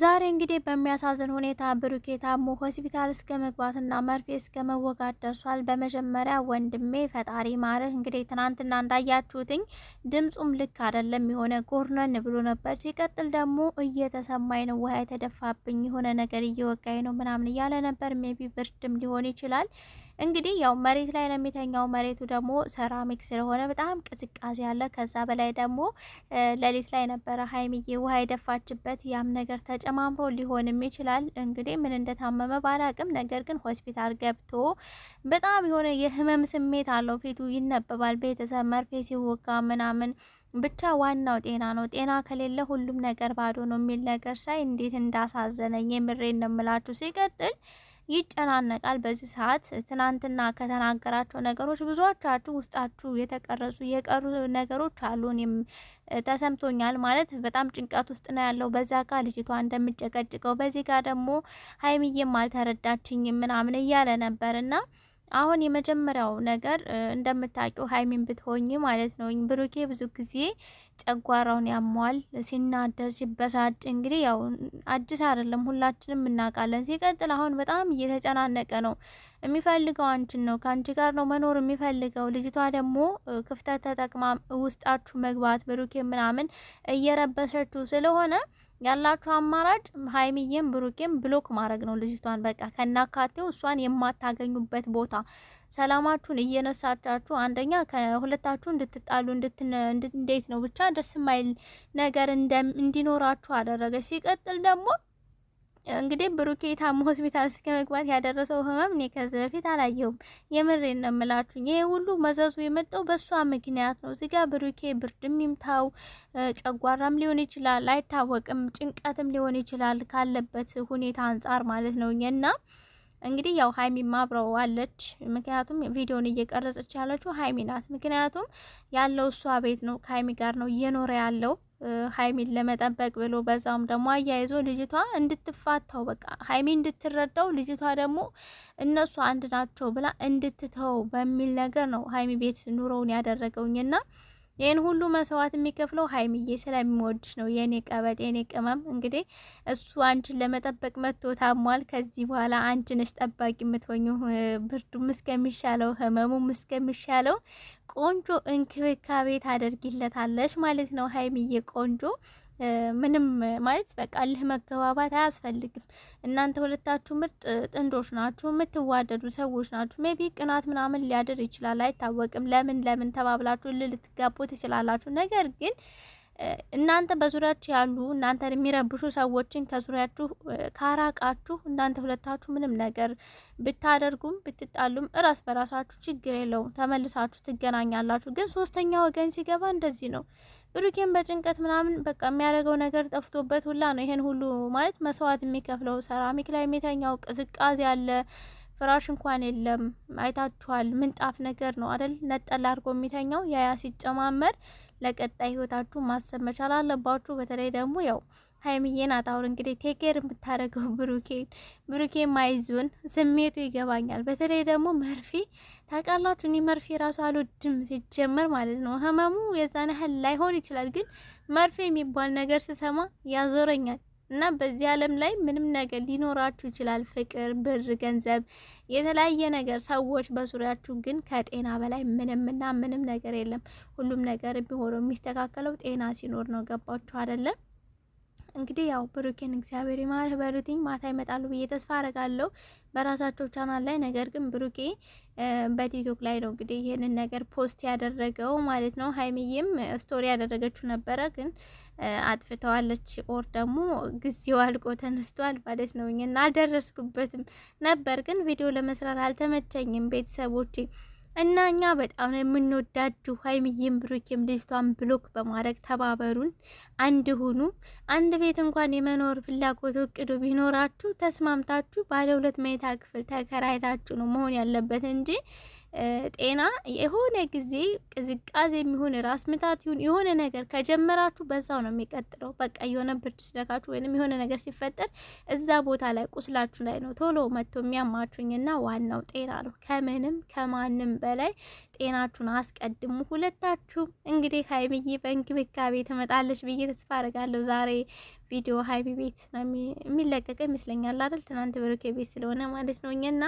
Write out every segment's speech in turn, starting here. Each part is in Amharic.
ዛሬ እንግዲህ በሚያሳዝን ሁኔታ ብሩኬ ታሞ ሆስፒታል እስከ መግባትና መርፌ እስከ መወጋት ደርሷል። በመጀመሪያ ወንድሜ ፈጣሪ ማርህ። እንግዲህ ትናንትና እንዳያችሁትኝ ድምፁም ልክ አይደለም፣ የሆነ ጎርነን ብሎ ነበር። ሲቀጥል ደግሞ እየተሰማኝ ነው፣ ውሃ የተደፋብኝ፣ የሆነ ነገር እየወጋኝ ነው ምናምን እያለ ነበር። ሜቢ ብርድም ሊሆን ይችላል እንግዲህ ያው መሬት ላይ ነው የሚተኛው። መሬቱ ደግሞ ሰራሚክ ስለሆነ በጣም ቅዝቃዜ አለ። ከዛ በላይ ደግሞ ሌሊት ላይ ነበረ ሀይሚዬ ውሃ የደፋችበት። ያም ነገር ተጨማምሮ ሊሆንም ይችላል። እንግዲህ ምን እንደታመመ ባላቅም፣ ነገር ግን ሆስፒታል ገብቶ በጣም የሆነ የህመም ስሜት አለው። ፊቱ ይነበባል። ቤተሰብ መርፌ ሲወጋ ምናምን ብቻ ዋናው ጤና ነው። ጤና ከሌለ ሁሉም ነገር ባዶ ነው የሚል ነገር ሳይ እንዴት እንዳሳዘነኝ የምሬ እንደምላችሁ ሲቀጥል ይጨናነቃል። በዚህ ሰዓት ትናንትና ከተናገራቸው ነገሮች ብዙዎቻችሁ ውስጣችሁ የተቀረጹ የቀሩ ነገሮች አሉ። እኔም ተሰምቶኛል ማለት በጣም ጭንቀት ውስጥ ነው ያለው። በዛ ጋር ልጅቷ እንደምጨቀጭቀው፣ በዚህ ጋር ደግሞ ሀይሚዬም አልተረዳችኝም ምናምን እያለ ነበር እና አሁን የመጀመሪያው ነገር እንደምታውቂው ሀይሚን ብትሆኝ ማለት ነው። ብሩኬ ብዙ ጊዜ ጨጓራውን ያሟል፣ ሲናደር ሲበሳጭ፣ እንግዲህ ያው አዲስ አይደለም፣ ሁላችንም እናውቃለን። ሲቀጥል አሁን በጣም እየተጨናነቀ ነው። የሚፈልገው አንቺን ነው፣ ከአንቺ ጋር ነው መኖር የሚፈልገው። ልጅቷ ደግሞ ክፍተት ተጠቅማ ውስጣችሁ መግባት ብሩኬ ምናምን እየረበሰችው ስለሆነ ያላችሁ አማራጭ ሀይሚዬም ብሩኬም ብሎክ ማድረግ ነው ልጅቷን። በቃ ከናካቴው እሷን የማታገኙበት ቦታ ሰላማችሁን እየነሳቻችሁ አንደኛ ከሁለታችሁ እንድትጣሉ እንዴት ነው ብቻ ደስ የማይል ነገር እንዲኖራችሁ አደረገች። ሲቀጥል ደግሞ እንግዲህ ብሩኬ ታሞ ሆስፒታል እስከ መግባት ያደረሰው ህመም እኔ ከዚህ በፊት አላየሁም። የምሬ ነው የምላችሁ። ይሄ ሁሉ መዘዙ የመጣው በእሷ ምክንያት ነው። እዚጋ ብሩኬ ብርድም ይምታው ጨጓራም ሊሆን ይችላል አይታወቅም፣ ጭንቀትም ሊሆን ይችላል ካለበት ሁኔታ አንጻር ማለት ነው እና እንግዲህ ያው ሀይሚ ማብረው አለች። ምክንያቱም ቪዲዮን እየቀረጸች ያለችው ሀይሚ ናት። ምክንያቱም ያለው እሷ ቤት ነው፣ ከሀይሚ ጋር ነው እየኖረ ያለው ሀይሚን ለመጠበቅ ብሎ በዛውም ደግሞ አያይዞ ልጅቷ እንድትፋታው በቃ ሀይሚ እንድትረዳው ልጅቷ ደግሞ እነሱ አንድ ናቸው ብላ እንድትተው በሚል ነገር ነው ሀይሚ ቤት ኑሮውን ያደረገውኝና ይህን ሁሉ መስዋዕት የሚከፍለው ሀይሚዬ ስለሚወድሽ ነው። የኔ ቀበጥ፣ የኔ ቅመም። እንግዲህ እሱ አንቺን ለመጠበቅ መጥቶ ታሟል። ከዚህ በኋላ አንቺ ነሽ ጠባቂ የምትሆኙ። ብርዱም እስከሚሻለው፣ ህመሙም እስከሚሻለው ቆንጆ እንክብካቤ ታደርጊለታለሽ ማለት ነው። ሀይሚዬ ቆንጆ ምንም ማለት በቃ ልህ መገባባት አያስፈልግም። እናንተ ሁለታችሁ ምርጥ ጥንዶች ናችሁ፣ የምትዋደዱ ሰዎች ናችሁ። ሜቢ ቅናት ምናምን ሊያድር ይችላል፣ አይታወቅም። ለምን ለምን ተባብላችሁ እልህ ልትጋቡ ትችላላችሁ። ነገር ግን እናንተ በዙሪያችሁ ያሉ እናንተ የሚረብሹ ሰዎችን ከዙሪያችሁ ካራቃችሁ እናንተ ሁለታችሁ ምንም ነገር ብታደርጉም ብትጣሉም እራስ በራሳችሁ ችግር የለውም፣ ተመልሳችሁ ትገናኛላችሁ። ግን ሶስተኛ ወገን ሲገባ እንደዚህ ነው። ብሩኬን በጭንቀት ምናምን በቃ የሚያደርገው ነገር ጠፍቶበት ሁላ ነው ይሄን ሁሉ ማለት መስዋዕት የሚከፍለው። ሰራሚክ ላይ የሚተኛው ቅዝቃዜ አለ ፍራሽ እንኳን የለም። አይታችኋል። ምንጣፍ ነገር ነው አይደል? ነጠላ አድርጎ የሚተኛው ያያ ሲጨማመር ለቀጣይ ህይወታችሁ ማሰብ መቻል አለባችሁ። በተለይ ደግሞ ያው ሀይሚዬ ናት አሁን እንግዲህ ቴኬር የምታደርገው ብሩኬን ብሩኬን ማይዙን ስሜቱ ይገባኛል። በተለይ ደግሞ መርፌ ታውቃላችሁ፣ እኔ መርፌ ራሱ አልወድም ሲጀመር ማለት ነው። ህመሙ የዛን ያህል ላይሆን ይችላል፣ ግን መርፌ የሚባል ነገር ስሰማ ያዞረኛል። እና በዚህ ዓለም ላይ ምንም ነገር ሊኖራችሁ ይችላል፣ ፍቅር፣ ብር፣ ገንዘብ፣ የተለያየ ነገር ሰዎች በዙሪያችሁ ግን ከጤና በላይ ምንምና ምንም ነገር የለም። ሁሉም ነገር የሚሆነው የሚስተካከለው ጤና ሲኖር ነው። ገባችሁ አይደለም? እንግዲህ ያው ብሩኬን እግዚአብሔር ይማርህ በሉትኝ። ማታ ይመጣሉ ብዬ ተስፋ አረጋለሁ በራሳቸው ቻናል ላይ። ነገር ግን ብሩኬ በቲክቶክ ላይ ነው እንግዲህ ይህንን ነገር ፖስት ያደረገው ማለት ነው። ሀይሚዬም ስቶሪ ያደረገችው ነበረ፣ ግን አጥፍተዋለች ኦር ደግሞ ጊዜው አልቆ ተነስቷል ማለት ነው እና አልደረስኩበትም ነበር፣ ግን ቪዲዮ ለመስራት አልተመቸኝም ቤተሰቦቼ እና እኛ በጣም ነው የምንወዳችሁ። ሀይሚዬም ብሩኬም ልጅቷን ብሎክ በማድረግ ተባበሩን፣ አንድ ሁኑ። አንድ ቤት እንኳን የመኖር ፍላጎት እቅዱ ቢኖራችሁ ተስማምታችሁ ባለ ሁለት መኝታ ክፍል ተከራይታችሁ ነው መሆን ያለበት እንጂ ጤና የሆነ ጊዜ ቅዝቃዜ የሚሆን ራስ ምታት ይሁን የሆነ ነገር ከጀመራችሁ በዛው ነው የሚቀጥለው። በቃ የሆነ ብርድ ሲነካችሁ ወይንም የሆነ ነገር ሲፈጠር እዛ ቦታ ላይ ቁስላችሁ ላይ ነው ቶሎ መጥቶ የሚያማችሁኝና ዋናው ጤና ነው። ከምንም ከማንም በላይ ጤናችሁን አስቀድሙ። ሁለታችሁም እንግዲህ ሀይሚዬ በእንክብካቤ ትመጣለች ብዬ ተስፋ አደርጋለሁ። ዛሬ ቪዲዮ ሀይሚ ቤት ነው የሚለቀቀ ይመስለኛል አይደል? ትናንት ብሩኬ ቤት ስለሆነ ማለት ነው እኛና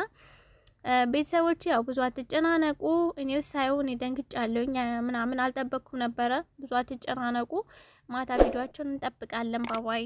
ቤተሰቦች ያው ብዙ አትጨናነቁ፣ እኔ ሳይሆን ደንግጫለሁ ምናምን አልጠበቅኩም ነበረ። ብዙ አትጨናነቁ። ማታ ቪዲዮቸውን እንጠብቃለን። ባባይ